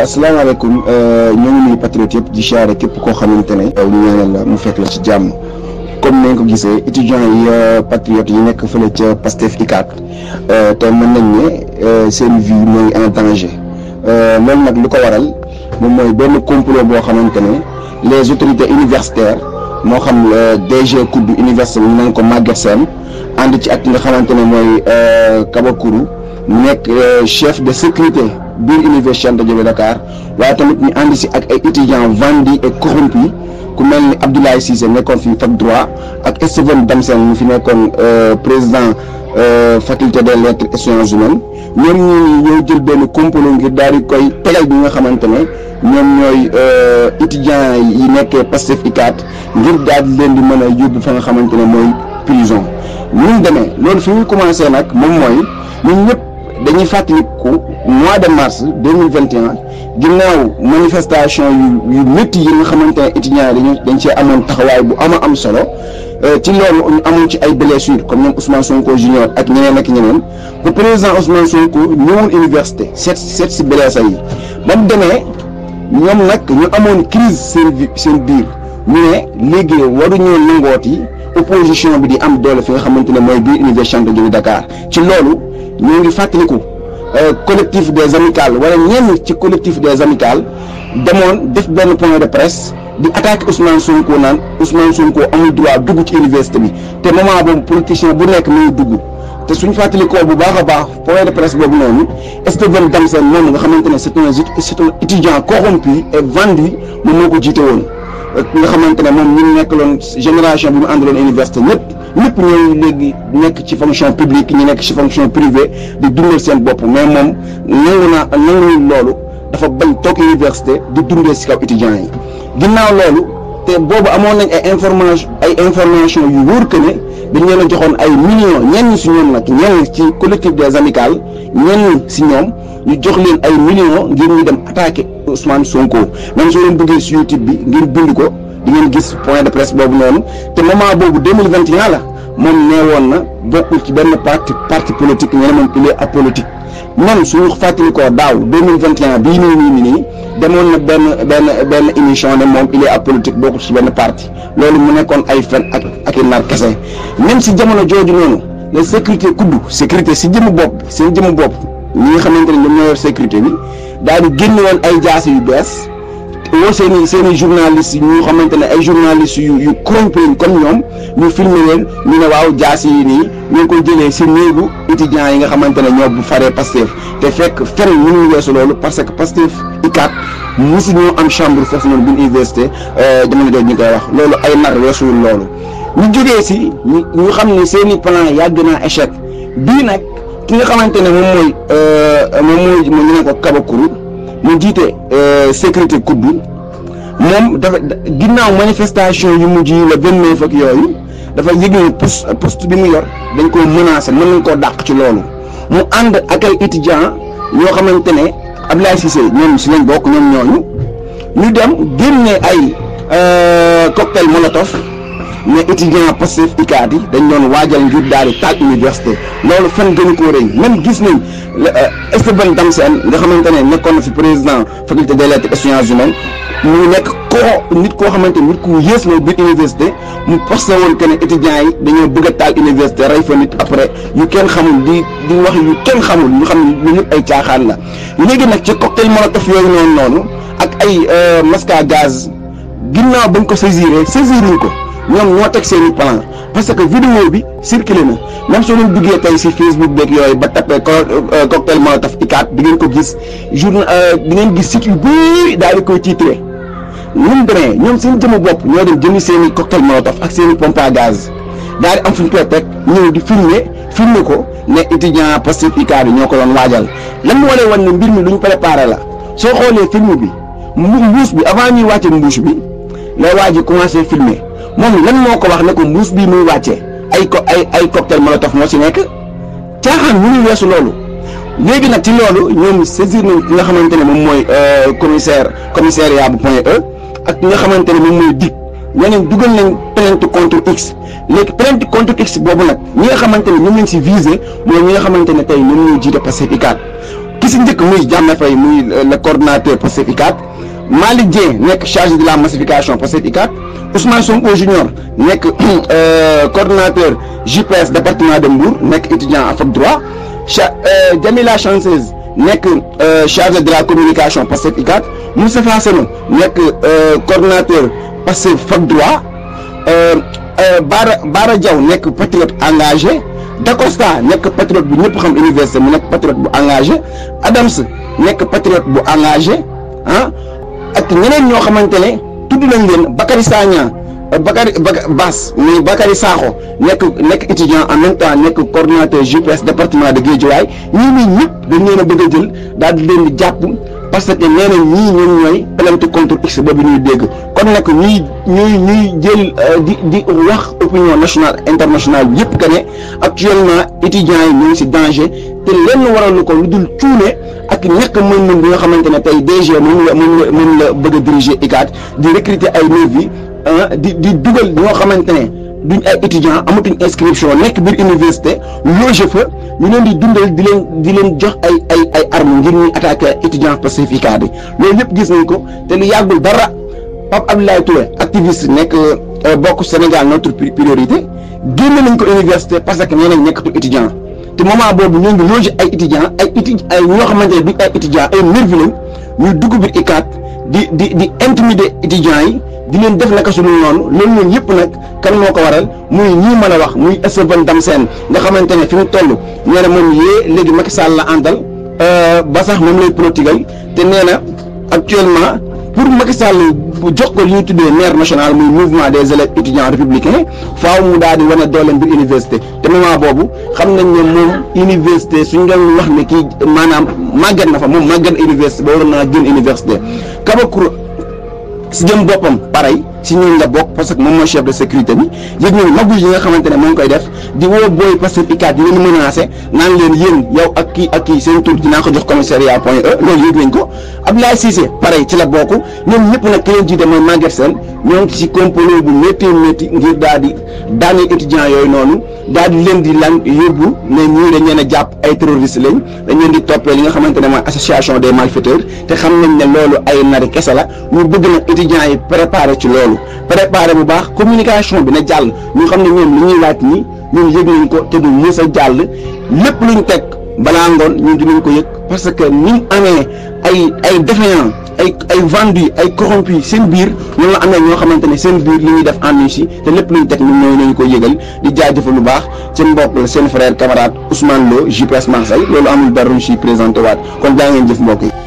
waaw asalaamaaleykum euh, ñoo ngi nuyu patriote yëpp di siyaare képp koo xamante ne ñu ñaanal la mu fekk la ci jàmm comme nañ ko gisee étudiants yi euh, patriote yi nekk fële ca Pastef ICAT euh, te mën nañ ne seen vie mooy en danger loolu nag lu ko waral moom mooy benn complot boo xamante ne les autorités universitaires moo xam DG COUD université bi ñu naan ko Maguette Sène ànd ci ak nga xamante ne mooy Kabakuru nekk euh, chef de sécurité biir université Cheikh Anta Diop Dakar waaye tamit ñu ànd si ak ay étudiants vendus et corrompus ku mel ni Abdoulaye Cissé nekkoon fi fac droit ak Esteban Damsen mu fi nekkoon euh, président euh, faculté des lettres et sciences humaines ñoom ñoo jël benn complot ngir daal koy tegal bi nga xamante ne ñoom ñooy étudiants yi nekkee Pastef ICAT ngir daal di leen di mën a yóbbu fa nga xamante ne mooy prison. ni mu loolu fi ñu commencé nag moom mooy ñun ñëpp. dañuy fàttaliku mois de mars deux mille vingt et un ginnaaw manifestation yu yu yi nga xamante ne étudiants yi dañ cee amoon taxawaay bu am am solo euh, ci loolu ñu amoon ci ay blessures comme ñoom Ousmane Sonko junior ak ñeneen ak ñeneen bu président Ousmane Sonko ñëwoon université seet seet si blessé yi ba mu demee ñoom nag ñu amoon crise seen biir mu ne léegi waruñoo nangooti opposition bi di am doole fi nga xamante ne mooy biir université Cheikh Anta Diop Dakar ci loolu. ñu ngi fàttaliku euh, collectif des amicales wala ñenn ci collectif des amicales demoon def benn point de presse di attaqué Ousmane Sonko naan Ousmane Sonko amul droit dugg ci université bi te moment politicien bu nekk muy dugg te suñ fàttalikoo bu baax baax point de presse boobu noonu Stephen Dempsey noonu nga xamante ne c'est un corrompu et vendu moom moo ko jiite woon nga xamante ne moom ñu nekk loon génération bi mu àndaloon université ñëpp. ñëpp ñooy léegi nekk ci fonction publique ñu nekk ci fonction privée di dundal seen bopp mais moom nangu naa nanguwul loolu dafa bañ toog université di dundee si kaw étudiants yi ginnaaw loolu te boobu amoon nañ ay information ay information yu wóor que ne dañ leen a joxoon ay millions ñenn si ñoom nag ñenn ci collectif des amicales ñenn si ñoom ñu jox leen ay millions ngir ñu dem attaquer Ousmane Sonko même soo leen bëggee si YouTube bi ngir bind ko di ngeen gis point de presse boobu noonu te moment boobu 2021 la moom nee woon na bokkul ci benn parti parti politique ñu ne moom il est apolitique man suñu fàttali ko daaw 2021 bii nii nii nii demoon na benn benn benn émission ne moom il est apolitique bokkul ci benn parti loolu mu nekkoon ay fen ak ak i nar kese même si jamono jooju noonu la sécurité kuddu sécurité si jëmu bopp seen jëmu bopp ñi nga xamante ne ñoom ñoo yor sécurité bi daal di génn woon ay jaas yu bees. woo seen i seen i journalistes yi ñu xamante ne ay journalistes yu yu corrompus comme ñoom ñu filmé ñu ne waaw jaas yi nii ñu ngi koy jëlee si néegu étudiants yi nga xamante ne ñoo bu faree Pastef te fekk fenn mënuñu weesu loolu parce que Pastef ICAT mosu ñoo am chambre foofu noonu bu université euh, jamono jooju ñu koy wax loolu ay nar weesuwul loolu ñu jógee si ñu xam ne seen i plan yàgg naa échec bii nag ki nga xamante ne moom mooy euh, moom mooy ñu ne ko Kabakuru mu jiite euh, sécurité kuddu moom dafa ginnaaw manifestation yu mujj yi la vingt neuf ak yooyu dafa yëg ne poste poste bi mu yor dañ koo menacé mën nañ koo dàq ci loolu mu ànd ak ay étudiants yoo xamante ne Abdoulaye Cissé ñoom si lañ bokk ñoom ñooñu ñu dem génne ay euh, cocktail molotov mais étudiant Pastef ikaat yi dañ doon waajal ngir daal di taaj université loolu fan gënu koo rëy même gis nañ euh, Esteban Damsel nga xamante ne nekkoon na fi président faculté des lettres et sciences humaines mu nekk koo nit koo xamante nit ku yées na biir université mu posté woon que ne étudiants yi dañoo bëgg a taal université rey fa nit après yu kenn xamul di di wax yu kenn xamul ñu xam ne lu ñëpp ay caaxaan la léegi nag ci cocktail molotov yooyu noonu noonu ak ay euh, masque à gaz ginnaaw ba nga ko saisir saisiruñ ko. ñoom ñoo teg seen i plan parce que vidéo bi circulé na même soo leen duggee tey si Facebook beeg yooyu ba tapé euh, cocktail molotov ikaat di ngeen ko gis journal euh, di ngeen gis site yu bëri daal di koy titré ñun beneen ñoom seen jëmu bopp ñoo dem seen i cocktail molotov ak seen i pompe à daal di am fu ñu koy teg ñëw di filmer filmer ko ne étudiant Pastef ikaat ñoo ko doon waajal lan moo lay wan ne mbir mi lu ñu préparé la soo xoolee film bi mbuus bi avant ñuy wàcce mbuus bi la waa ji commencé filmer. moom lan moo ko wax ne mbuus bii muy wàccee ay ko ay ay cocktail molotov moo ci nekk caaxaan mënul weesu loolu léegi nag ci loolu ñoom saisir nañ ki nga xamante ne moom mooy euh, commissaire commissariat bu point E ak ki nga xamante ne moom mooy DIC ñeneen dugal nañ plainte contre X léegi plainte contre X boobu nag ñi nga xamante ne ñoom lañ si visé mooy ñi nga xamante ne tey ñoom ñoo jiite Pastef ICAD ki si njëkk muy Diamé fay muy euh, le coordonnateur Pastef ICAD Malick Dieng nekk chargé de la massification Pastef ICAD Ousmane Sonko junior nekk euh, coordonnateur JPS département de Mbour nekk étudiant en fac droit cha euh, Jamila Chanceuse nekk euh, chargé de la communication Pastef ICAT Moustapha Seno nekk coordonnateur Pastef fac droit Bara Bara Diaw nekk patriote engagé Dacosta nekk patriote bu ñëpp xam université mu nekk patriote bu engagé Adams nekk patriote bu engagé ah ak ñeneen ñoo xamante ne. tudd nañ leen Bakary Sagna Bakary Bass muy Bakary Sakho nekk nekk étudiant en même temps nekk coordinateur GPS département de Guédiawaye ñii nii ñëpp dañ leen a bëgg a jël daal di leen jàpp parce que nee na ñii ñoom ñooy plainte contre X boobu ñuy dégg kon nag ñuy ñuy ñuy jël euh, di di wax opinion national international yëpp que ne actuellement étudiants yi ñu ngi danger te lenn waralu ko lu dul cuune ak ñàkk mën-mën bi nga xamante ne tey DG moom la moom la bëgg a diriger ICAT di recruter ay nervi di di dugal ñoo xamante ne duñ ay étudiants amatuñ inscription nekk biir université loge fa ñu leen di dundal di leen di leen jox ay ay ay armes ngir ñuy attaquer étudiants pacifica bi loolu yëpp gis nañ ko te lu yàggul dara Pape Abdoulaye Touré activist nekk euh, bokk Sénégal notre priorité génne nañ ko université parce que nee nañ nekkatu étudiant. te moment boobu ñoo ngi loger ay étudiants ay étu ay ñoo xamante ne duñ ay étudiants ay nervi ñu dugg biir ICAT di di di intimider étudiants yi di leen def naka suñu noonu loolu noonu yëpp nag kan moo ko waral muy ñi mën a wax muy Esteban Damsène nga xamante ne fi mu toll nee na moom yee léegi Macky Sall la àndal euh, ba sax moom lay politigal te nee na actuellement. pour Macky Sall jox ko li ñuy tuddee maire national muy mouvement des élèves étudiants républicains faaw mu daal di wane dooleem biir université te moment boobu xam nañ ne moom université suñ doon wax ne kii maanaam màggat na fa moom màggat université ba waroon naa génn université Kabakuru si jëm boppam pareil. ci ñun la bokk parce que moom mooy chef de sécurité bi yëg ñun magu yi nga xamante ne koy def di woo booy pacificat yi leen menacé naan leen yéen yow ak kii ak kii seen tur dinaa ko jox commissariat point E loolu yëg nañ ko Abdoulaye Cissé pareil ci la bokk ñoom ñëpp nag ki leen jiite mooy Maguette Sène ñoo ci complot bu métti métti ngir daaneel étudiants yooyu noonu daal leen di lan yóbbu ne ñii dañ leen a jàpp ay terroristes lañ dañ leen di toppee li nga xamante ne mooy association des malfaiteurs te xam nañ ne loolu ay la ñu yi préparé ci loolu loolu préparé bu baax communication bi na jàll ñu xam ne ñoom li ñuy laaj nii ñun yëg nañ ko te du mës a jàll lépp luñ teg balaa ngoon ñun dinañ ko yëg parce que ni mu amee ay ay défaillants ay ay ay corrompus seen biir ñoom la amee ñoo xamante ne seen biir li ñuy def en Russie te lépp luñ teg ñun ñooñu lañ ko yëgal di jaajëfal lu baax seen mbokk la seen frère camarade Ousmane Lo Marseille loolu amul dara ñu siy présenté kon jaa ngeen jëf mbokk yi.